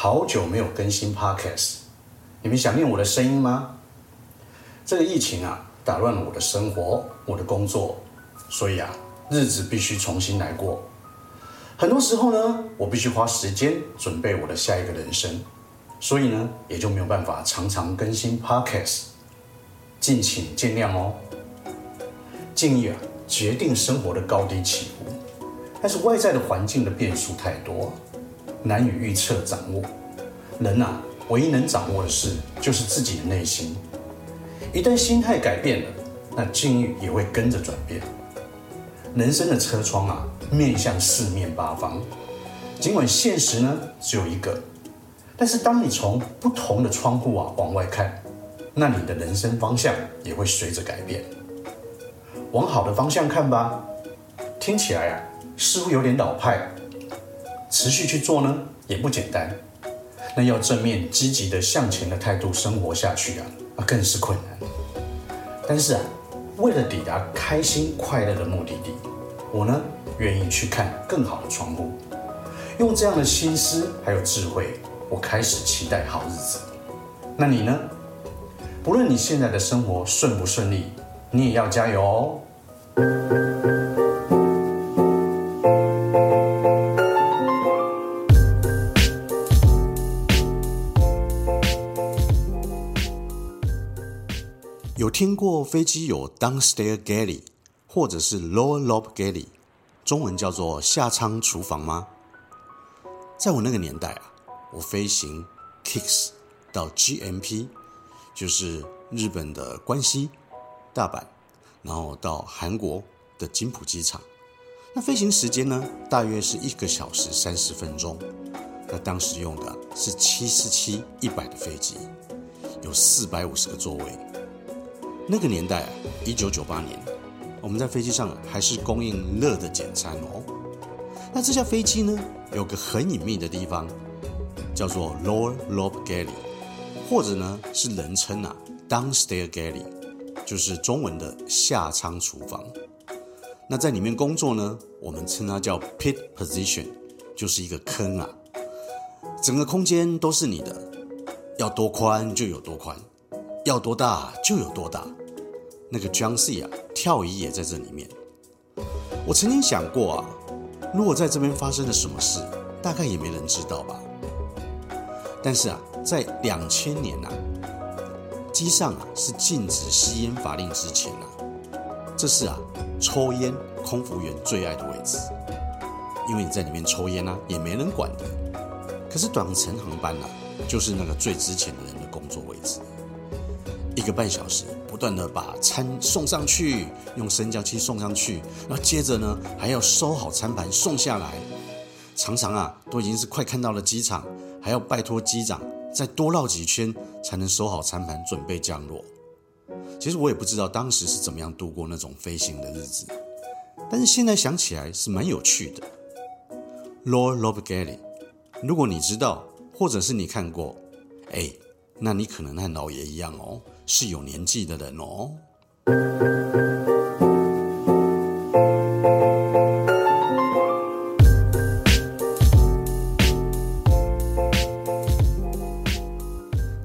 好久沒有更新 podcast，你們想念我的聲音嗎？這個疫情啊，打亂了我的生活，我的工作，所以啊，日子必須重新來過。很多時候呢，我必須花時間準備我的下一個人生，所以呢，也就沒有辦法常常更新 podcast，敬請見諒哦。境遇啊，決定生活的高低起伏，但是外在的環境的變數太多。難以預測掌握，人吶，啊，唯一能掌握的事就是自己的內心。一旦心態改變了，那境遇也會跟着轉變。人生的車窗啊，面向四面八方，儘管現實呢只有一個，但是當你從不同的窗戶啊往外看，那你的人生方向也會隨着改變。往好的方向看吧，聽起來啊，似乎有點老派。持續去做呢，也不簡單。那要正面積極地向前的態度生活下去啊，那更是困難。但是啊，為了抵達開心快樂的目的地，我呢願意去看更好的窗戶，用這樣的心思還有智慧，我開始期待好日子。那你呢？不論你現在的生活順不順利，你也要加油哦。聽過飛機有 downstairs galley 或者是 lower lobe galley，中文叫做下艙廚房嗎？在我那個年代啊，我飛行 KIX 到 GMP，就是日本的關西、大阪，然後到韓國的金浦機場。那飛行時間呢，大約是一個小時三十分鐘。那當時用的是七四七一百的飛機，有四百五十個座位。那個年代，一九九八年，我們在飛機上還是供應熱的簡餐哦。那這架飛機呢，有個很隱秘的地方，叫做 Lower Lobe Galley，或者呢是人稱啊 Downstairs Galley，就是中文的下艙廚房。那在裡面工作呢，我們稱它叫 Pit Position，就是一個坑啊，整個空間都是你的，要多寬就有多寬，要多大就有多大。那個 jump seat 啊，跳椅也在這裡面。我曾經想過啊，如果在這邊發生了什麼事，大概也沒人知道吧。但是啊，在兩千年吶、啊，機上啊是禁止吸煙法令之前吶、啊，這是啊抽煙空服員最愛的位置，因為你在裡面抽煙啊，也沒人管的。可是短程航班吶、啊，就是那個最值錢的人的工作位置，一個半小時。不斷地把餐送上去，用升降器送上去，然後接着呢還要收好餐盤送下來。常常啊都已經是快看到了機場，還要拜託機長再多繞幾圈，才能收好餐盤準備降落。其實我也不知道當時是怎麼樣度過那種飛行的日子，但是現在想起來是蠻有趣的。lower lobe galley，如果你知道或者是你看過，哎，那你可能和老爺一樣哦。是有年紀的人哦。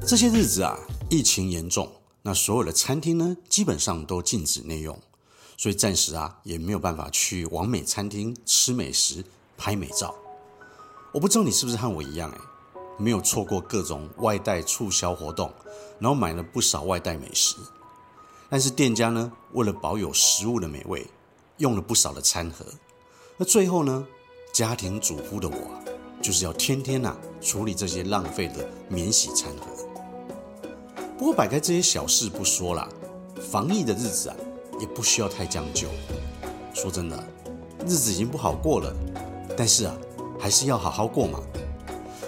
這些日子啊，疫情嚴重，那所有的餐廳呢，基本上都禁止內用，所以暫時啊，也沒有辦法去網美餐廳吃美食、拍美照。我不知道你是不是和我一樣，欸，哎，沒有錯過各種外帶促銷活動。然後買了不少外帶美食，但是店家呢，為了保有食物的美味，用了不少的餐盒。那最後呢，家庭主夫的我，就是要天天吶、啊、處理這些浪費的免洗餐盒。不過擺開這些小事不說啦，防疫的日子啊，也不需要太將就。說真的，日子已經不好過了，但是啊，還是要好好過嘛。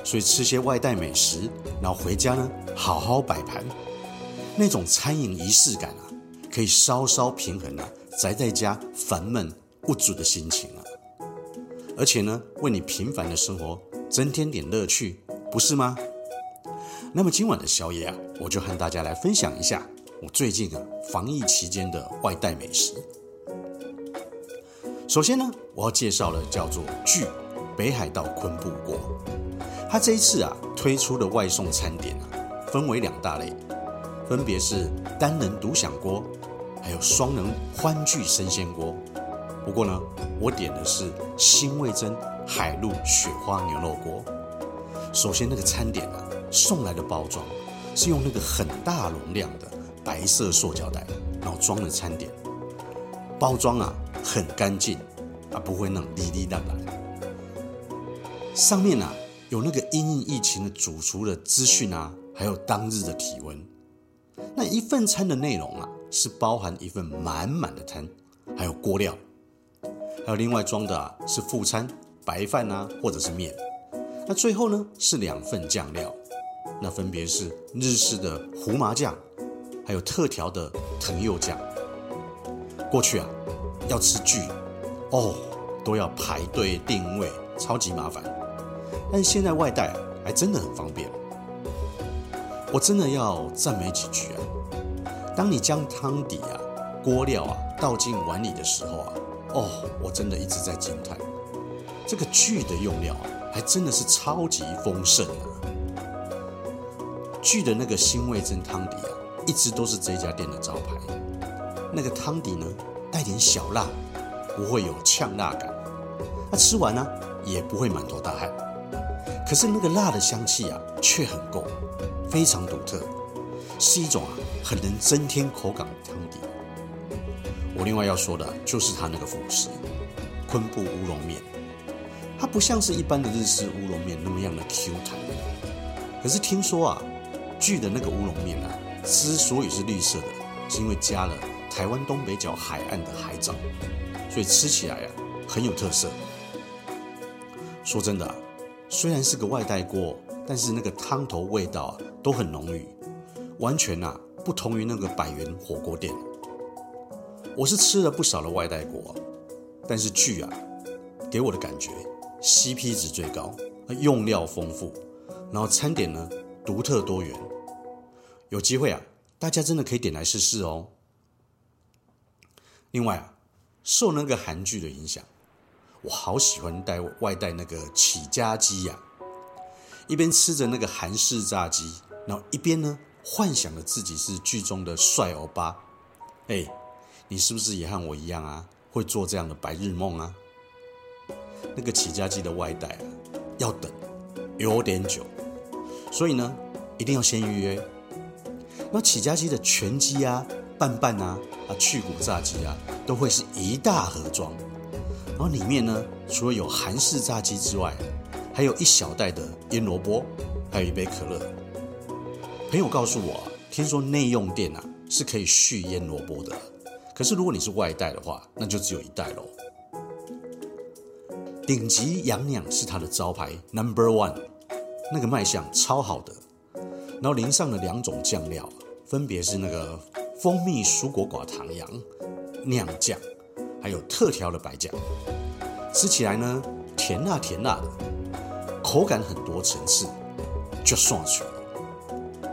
所以吃些外帶美食，然後回家呢。好好擺盤，那種餐飲儀式感啊，可以稍稍平衡啊宅在家煩悶無助的心情啊，而且呢，為你平凡的生活增添點樂趣，不是嗎？那麼今晚的宵夜啊，我就和大家來分享一下我最近啊防疫期間的外帶美食。首先呢，我要介紹的叫做“聚北海道昆布鍋”，它這一次啊推出的外送餐點啊，分為兩大類，分別是單人獨享鍋，還有雙人歡聚生鮮鍋。不過呢，我點的是新味珍海陸雪花牛肉鍋。首先，那個餐點啊，送來的包裝是用那個很大容量的白色塑膠袋，然後裝的餐點，包裝啊很乾淨而不會那種滴滴答答的。上面呢啊，有那個因應疫情的主廚的資訊啊。還有當日的體溫，那一份餐的內容啊，是包含一份滿滿的湯，還有鍋料，還有另外裝的啊是副餐白飯吶、啊，或者是麵。那最後呢是兩份醬料，那分別是日式的胡麻醬，還有特調的藤柚醬。過去啊要吃聚哦都要排隊訂位，超級麻煩，但是現在外帶、啊、還真的很方便。我真的要讚美幾句啊！當你將湯底啊、鍋料啊倒進碗裡的時候啊，哦，我真的一直在驚嘆，這個聚的用料、啊、還真的是超級豐盛啊。聚的那個新味噌湯底啊，一直都是這家店的招牌。那個湯底呢，帶點小辣，不會有嗆辣感，那吃完呢、啊，也不會滿頭大汗。可是那個辣的香氣啊，卻很夠，非常獨特，是一種啊很能增添口感的湯底。我另外要說的就是它那個副食，昆布烏龍麵，它不像是一般的日式烏龍麵那麼樣的 Q 彈。可是聽說啊，聚的那個烏龍麵啊，之所以是綠色的，是因為加了台灣東北角海岸的海藻，所以吃起來啊很有特色。說真的啊。雖然是個外帶鍋，但是那個湯頭味道啊都很濃郁，完全啊不同於那個百元火鍋店。我是吃了不少的外帶鍋，但是聚啊給我的感覺 CP 值最高，用料豐富，然後餐點呢獨特多元。有機會啊，大家真的可以點來試試哦。另外啊，受那個韓劇的影響。我好喜歡帶外帶那個起家雞呀，一邊吃着那個韓式炸雞，然後一邊呢幻想着自己是劇中的帥歐巴。哎，你是不是也和我一樣啊？會做這樣的白日夢啊？那個起家雞的外帶啊，要等有點久，所以呢一定要先預約。那起家雞的全雞呀、拌拌啊、啊去骨炸雞啊，都會是一大盒裝。然後裡面呢，除了有韓式炸雞之外，還有一小袋的醃蘿蔔，還有一杯可樂。朋友告訴我，聽說內用店啊是可以續醃蘿蔔的，可是如果你是外帶的話，那就只有一袋咯。頂級羊釀是它的招牌，Number One，那個賣相超好的，然後淋上了兩種醬料，分別是那個蜂蜜蔬果寡糖羊釀醬，還有特調的白醬。吃起來呢，甜辣甜辣的，口感很多層次，絕爽了。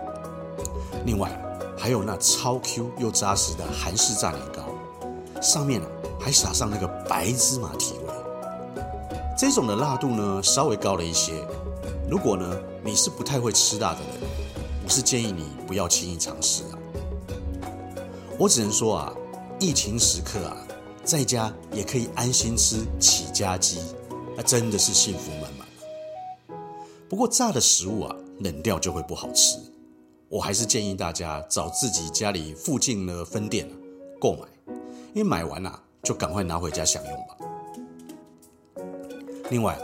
另外還有那超 Q 又扎實的韓式炸年糕，上面還撒上那個白芝麻提味。這種的辣度呢稍微高了一些，如果呢你是不太會吃辣的人，我是建議你不要輕易嘗試啊。我只能說啊，疫情時刻啊。在家也可以安心吃起家雞，那真的是幸福滿滿。不過炸的食物啊，冷掉就會不好吃，我還是建議大家找自己家裡附近的分店啊購買，因為買完了、啊、就趕快拿回家享用吧。另外，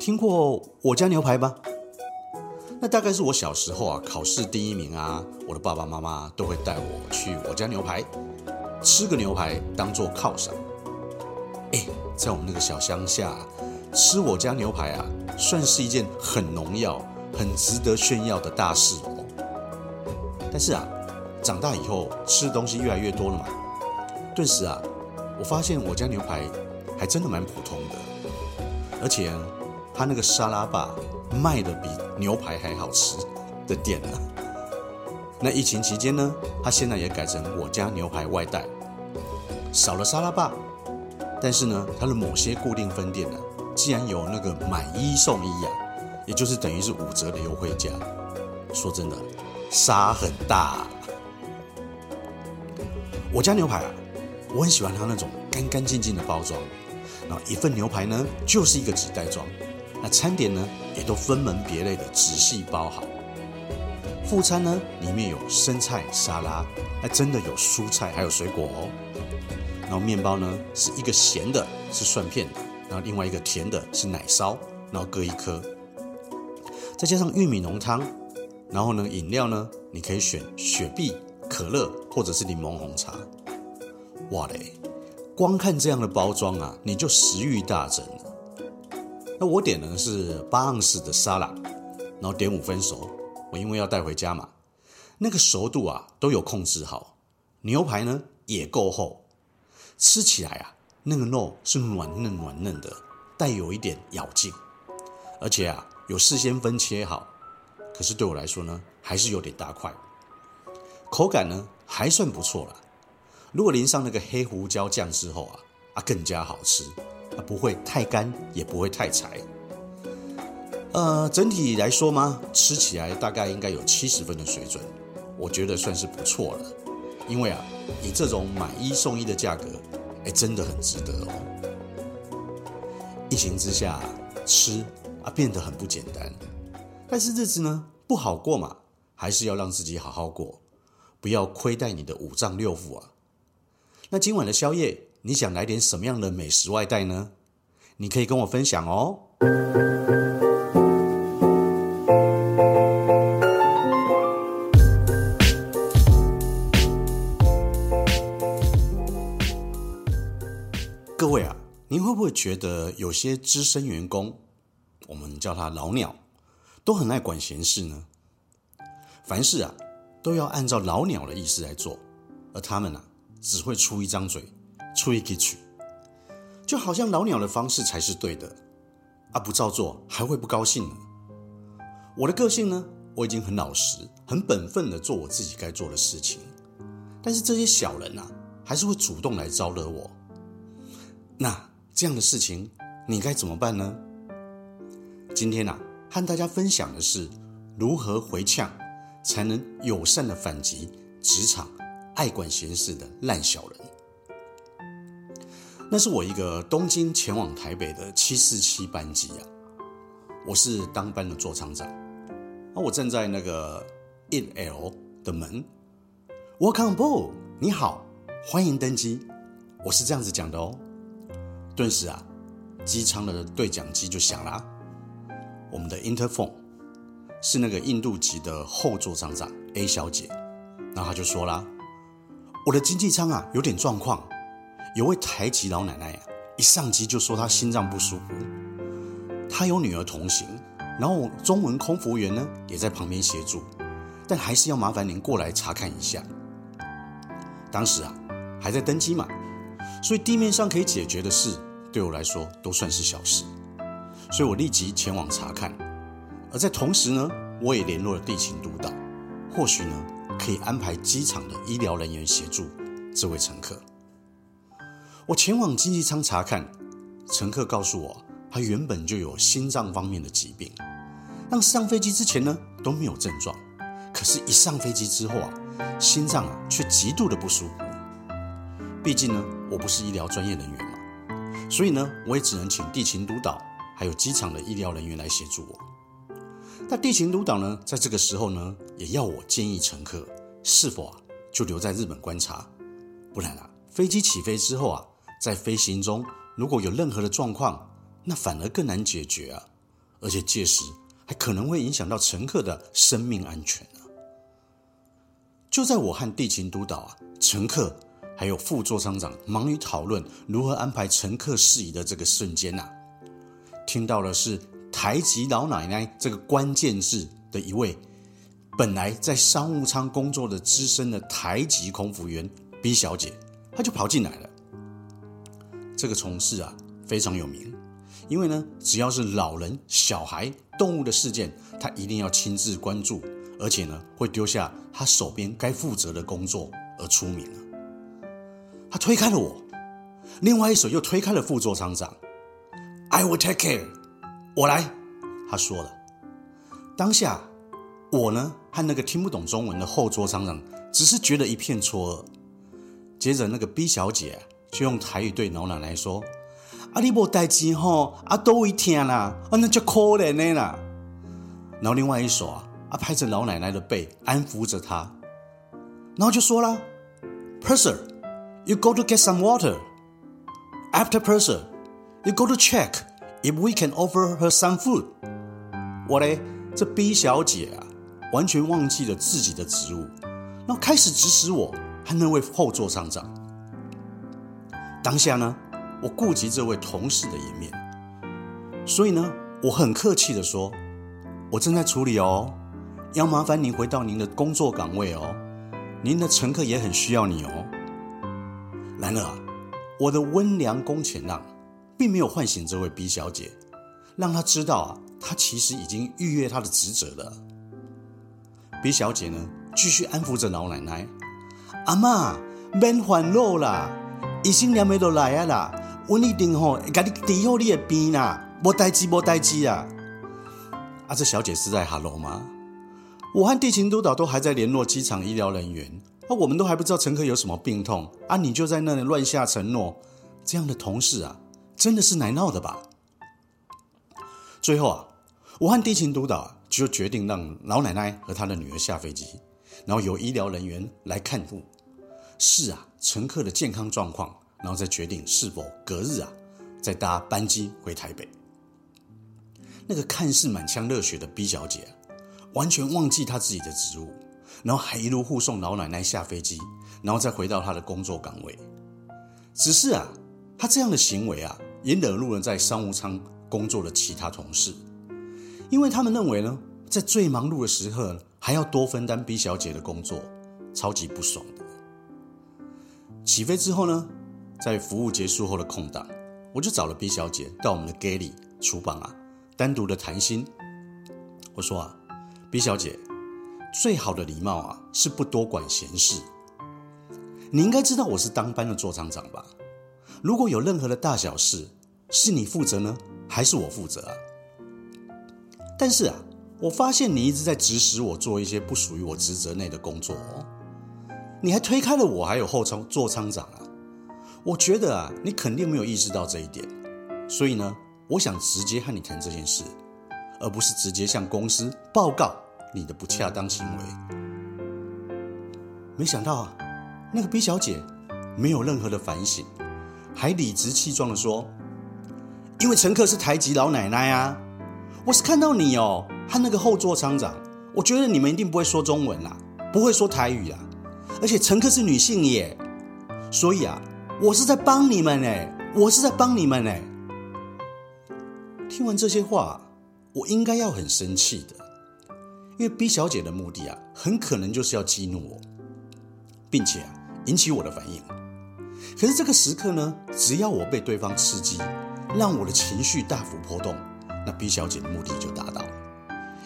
聽過我家牛排吧？那大概是我小時候啊，考試第一名啊，我的爸爸媽媽都會帶我去我家牛排。吃個牛排當做犒賞，哎，在我們那個小鄉下，吃我家牛排啊，算是一件很榮耀、很值得炫耀的大事哦。但是啊，長大以後吃的東西越來越多了嘛，頓時啊，我發現我家牛排還真的蠻普通的，而且啊，他那個沙拉吧賣的比牛排還好吃的店呢啊。那疫情期間呢，它現在也改成我家牛排外帶，少了沙拉吧，但是呢，它的某些固定分店呢、啊，竟然有那個買一送一啊，也就是等於是五折的優惠價。說真的，殺很大。我家牛排啊，我很喜歡它那種乾乾淨淨的包裝。然後一份牛排呢，就是一個紙袋裝，那餐點呢，也都分門別類的仔細包好。副餐呢，裡面有生菜沙拉，哎、啊，真的有蔬菜還有水果哦。然後麵包呢，是一個鹹的，是蒜片；然後另外一個甜的，是奶燒，然後各一顆，再加上玉米濃湯。然後呢，飲料呢，你可以選雪碧、可樂或者是檸檬紅茶。哇嘞，光看這樣的包裝啊，你就食慾大增。那我點呢是八盎司的沙拉，然後點五分熟。我因為要帶回家嘛，那個熟度啊都有控制好，牛排呢也夠厚，吃起來啊那個肉是軟嫩軟嫩的，帶有一點咬勁，而且啊有事先分切好，可是對我來說呢還是有點大塊，口感呢還算不錯啦。如果淋上那個黑胡椒醬之後啊啊更加好吃，啊不會太乾也不會太柴。呃，整體來說嘛，吃起來大概應該有七十分的水準，我覺得算是不錯了。因為啊，以這種買一送一的價格，哎、欸，真的很值得哦。疫情之下，吃啊變得很不簡單。但是日子呢不好過嘛，還是要讓自己好好過，不要虧待你的五臟六腑啊。那今晚的宵夜，你想來點什麼樣的美食外帶呢？你可以跟我分享哦。嗯會覺得有些資深員工，我們叫他老鳥，都很愛管閒事呢。凡事啊，都要按照老鳥的意思來做，而他們呢、啊，只會出一張嘴，出一句曲，就好像老鳥的方式才是對的。啊，不照做還會不高興呢。我的個性呢，我已經很老實、很本分的做我自己該做的事情，但是這些小人啊，還是會主動來招惹我。那。這樣的事情，你該怎麼辦呢？今天啊，和大家分享的是如何回嗆，才能友善的反擊職場愛管閒事的爛小人。那是我一個東京前往台北的七四七班機啊，我是當班的座艙長，我站在那個1 L 的門，Welcome, b o 你好，歡迎登機，我是這樣子講的哦。頓時啊，機艙的對講機就響了啊。我們的 interphone 是那個印度籍的後座艙長 A 小姐，然後她就說啦：“我的經濟艙啊有點狀況，有位台籍老奶奶呀啊，一上機就說她心臟不舒服，她有女兒同行，然後中文空服務員呢也在旁邊協助，但還是要麻煩您過來查看一下。”當時啊還在登機嘛，所以地面上可以解決的事。對我來說都算是小事，所以我立即前往查看。而在同時呢，我也聯絡了地勤督導，或許呢可以安排機場的醫療人員協助這位乘客。我前往經濟艙查看，乘客告訴我，他原本就有心臟方面的疾病，但上飛機之前呢都沒有症狀，可是，一上飛機之後啊，心臟啊卻極度的不舒服。畢竟呢，我不是醫療專業人員嘛。所以呢，我也只能請地勤督導，還有機場的醫療人員來協助我。那地勤督導呢，在這個時候呢，也要我建議乘客是否啊，就留在日本觀察，不然啊，飛機起飛之後啊，在飛行中如果有任何的狀況，那反而更難解決啊，而且屆時還可能會影響到乘客的生命安全啊。就在我和地勤督導啊，乘客，還有副座艙長忙於討論如何安排乘客事宜的這個瞬間吶、啊，聽到的是“台籍老奶奶”這個關鍵字的一位，本來在商務艙工作的資深的台籍空服員 B 小姐，她就跑進來了。這個同事啊非常有名，因為呢只要是老人、小孩、動物的事件，她一定要親自關注，而且呢會丟下她手邊該負責的工作而出名。他推開了我，另外一手又推開了副座艙長。I will take care，我來。他說了。當下，我呢和那個聽不懂中文的後座艙長只是覺得一片錯愕。接着那個 B 小姐就、啊、用台語對老奶奶說：“啊，你無代誌哦，啊，都會聽啦，啊那就可憐的啦。”然後另外一手啊，啊拍着老奶奶的背安撫着她，然後就說啦：「Purser You go to get some water. After person, you go to check if we can offer her some food. 我咧，這 B 小姐啊，完全忘記了自己的職務，那開始指使我還那位後座上長。當下呢，我顧及這位同事的顏面，所以呢，我很客氣的說：“我正在處理哦，要麻煩您回到您的工作崗位哦，您的乘客也很需要你哦。”然而、啊、我的溫良恭儉讓，並沒有喚醒這位 B 小姐，讓她知道啊，她其實已經逾越她的職責了。B 小姐呢，繼續安撫着老奶奶：“阿、啊、媽，免煩惱啦，醫生也沒落來啊啦，我一定吼，家你治好你的病啦，無代志，無代志啦。”啊，這小姐是在哈囉嗎？我和地勤督導都還在聯絡機場醫療人員。那、啊、我們都還不知道乘客有什麼病痛啊，你就在那裡亂下承諾，這樣的同事啊，真的是來鬧的吧？最後啊，武漢地勤督導、啊、就決定讓老奶奶和她的女兒下飛機，然後由醫療人員來看護。是啊，乘客的健康狀況，然後再決定是否隔日啊，再搭班機回台北。那個看似滿腔熱血的 B 小姐、啊，完全忘記她自己的職務。然後還一路護送老奶奶下飛機，然後再回到她的工作崗位。只是啊，她這樣的行為啊，也惹怒了在商務艙工作的其他同事，因為他們認為呢，在最忙碌的時刻還要多分擔 B 小姐的工作，超級不爽的。起飛之後呢，在服務結束後的空檔，我就找了 B 小姐到我們的 galley 廚房啊，單獨的談心。我說啊，B 小姐。最好的禮貌啊，是不多管閒事。你應該知道我是當班的座艙長吧？如果有任何的大小事，是你負責呢，還是我負責啊？但是啊，我發現你一直在指使我做一些不屬於我職責內的工作哦。你還推開了我，還有後艙座艙長啊。我覺得啊，你肯定沒有意識到這一點，所以呢，我想直接和你談這件事，而不是直接向公司報告。你的不恰當行為，沒想到啊，那個 B 小姐沒有任何的反省，還理直氣壯的說：“因為乘客是台籍老奶奶啊，我是看到你哦和那個後座艙長，我覺得你們一定不會說中文啦、啊，不會說台語啊，而且乘客是女性耶，所以啊，我是在幫你們呢、欸，我是在幫你們呢、欸。聽完這些話，我應該要很生氣的。因為 B 小姐的目的啊，很可能就是要激怒我，並且啊引起我的反應。可是這個時刻呢，只要我被對方刺激，讓我的情緒大幅波動，那 B 小姐的目的就達到了。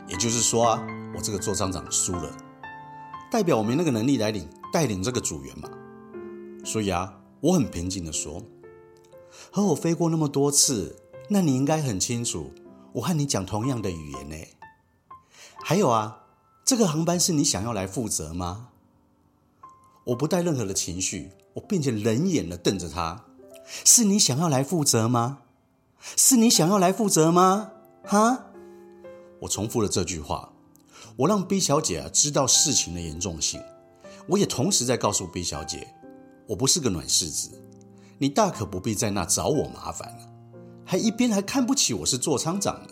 也就是說啊，我這個座艙長輸了，代表我沒那個能力來領帶領這個組員嘛。所以啊，我很平靜的說，和我飛過那麼多次，那你應該很清楚，我和你講同樣的語言呢。還有啊，這個航班是你想要來負責嗎？我不帶任何的情緒，我並且冷眼的瞪着他。是你想要來負責嗎？是你想要來負責嗎？哈！我重複了這句話，我讓 B 小姐啊知道事情的嚴重性。我也同時在告訴 B 小姐，我不是個軟柿子，你大可不必在那找我麻煩，還一邊還看不起我是座艙長呢。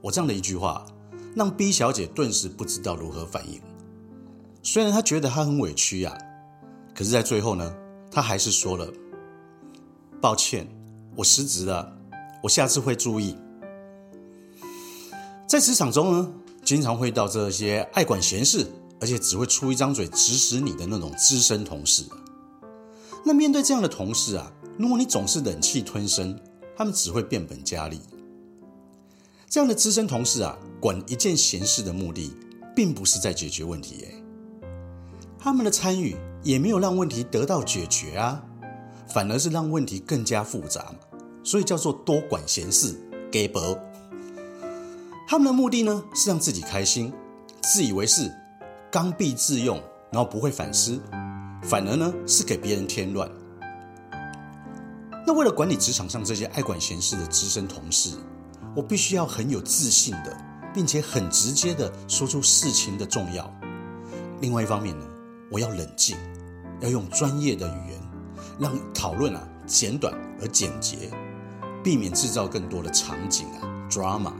我這樣的一句話。讓 B 小姐頓時不知道如何反應。雖然她覺得她很委屈呀、啊，可是，在最後呢，她還是說了：“抱歉，我失職了，我下次會注意。”在職場中呢，經常會遇到這些愛管閒事，而且只會出一張嘴指使你的那種資深同事。那面對這樣的同事啊，如果你總是忍氣吞聲，他們只會變本加厲。這樣的資深同事啊，管一件閒事的目的，並不是在解決問題，欸，哎，他們的參與也沒有讓問題得到解決啊，反而是讓問題更加複雜，所以叫做多管閒事，假博。他們的目的呢，是讓自己開心，自以為是，剛愎自用，然後不會反思，反而呢是給別人添亂。那為了管理職場上這些愛管閒事的資深同事。我必須要很有自信的，並且很直接的說出事情的重要。另外一方面呢，我要冷靜，要用專業的語言，讓討論啊簡短而簡潔，避免制造更多的場景啊 drama。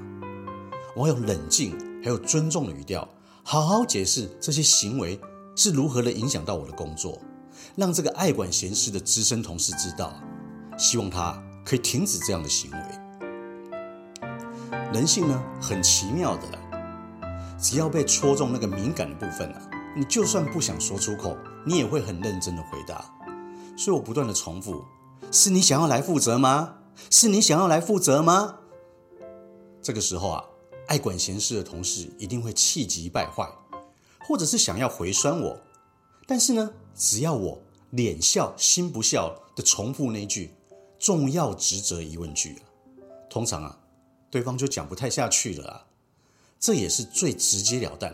我要冷靜，還有尊重的語調，好好解釋這些行為是如何的影響到我的工作，讓這個愛管閒事的資深同事知道，希望他可以停止這樣的行為。人性呢，很奇妙的啦。只要被戳中那個敏感的部分啊，你就算不想說出口，你也會很認真的回答。所以我不斷的重複：是你想要來負責嗎？是你想要來負責嗎？這個時候啊，愛管閒事的同事一定會氣急敗壞，或者是想要回酸我。但是呢，只要我臉笑心不笑的重複那句重要職責疑問句，啊，通常啊。對方就講不太下去了，啊，這也是最直截了當、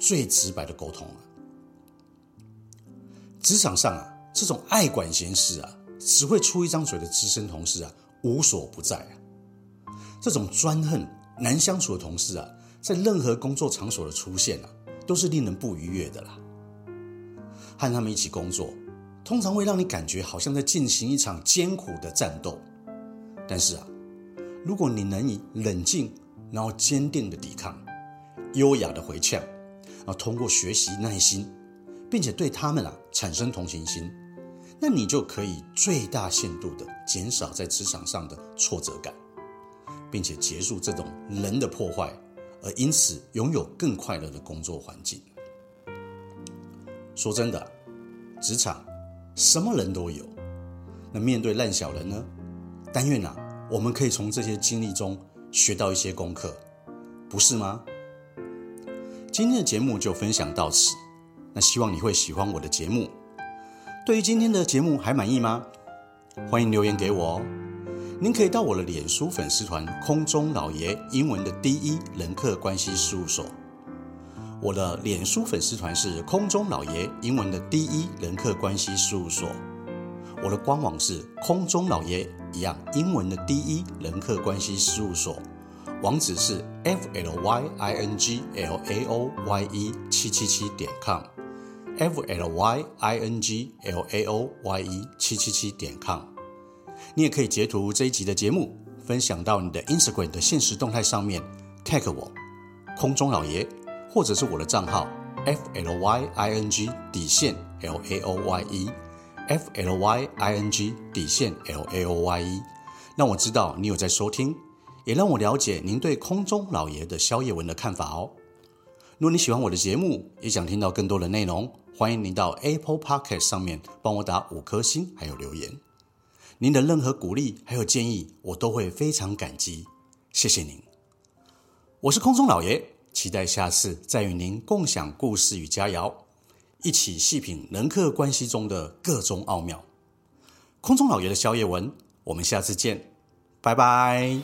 最直白的溝通了、啊。職場上啊，這種愛管閒事啊、只會出一張嘴的資深同事啊，無所不在啊。這種專橫難相處的同事啊，在任何工作場所的出現啊，都是令人不愉悅的啦。和他們一起工作，通常會讓你感覺好像在進行一場艱苦的戰鬥。但是啊。如果你能以冷靜，然後堅定的抵抗，優雅的回嗆，啊，通過學習耐心，並且對他們啊產生同情心，那你就可以最大限度的減少在職場上的挫折感，並且結束這種人的破壞，而因此擁有更快樂的工作環境。說真的，職場什麼人都有，那面對爛小人呢？但願吶、啊。我們可以從這些經歷中學到一些功課，不是嗎？今天的節目就分享到此，那希望你會喜歡我的節目。對於今天的節目還滿意嗎？歡迎留言給我哦。您可以到我的臉書粉絲團“空中老爺英文的第一人客關係事務所”。我的臉書粉絲團是“空中老爺英文的第一人客關係事務所”。我的官網是空中老爺一樣英文的 de 人客關係事務所，網址是 f l y i n g l a o y e 七七七點 com，f l y i n g l a o y e 七七七點 com。你也可以截圖這一集的節目，分享到你的 Instagram 的限時動態上面，tag 我空中老爺，或者是我的賬號 f l y i n g 底線 l a o y e。f l y i n g，底線 l a o y e，讓我知道你有在收聽，也讓我了解您對空中老爺的宵夜文的看法哦。如果你喜歡我的節目，也想聽到更多的內容，歡迎您到 Apple Podcast 上面幫我打五顆星，還有留言。您的任何鼓勵還有建議，我都會非常感激。謝謝您，我是空中老爺，期待下次再與您共享故事與佳肴。一起細品人客關係中的各種奧妙。空中老爺的宵夜文，我們下次見，拜拜。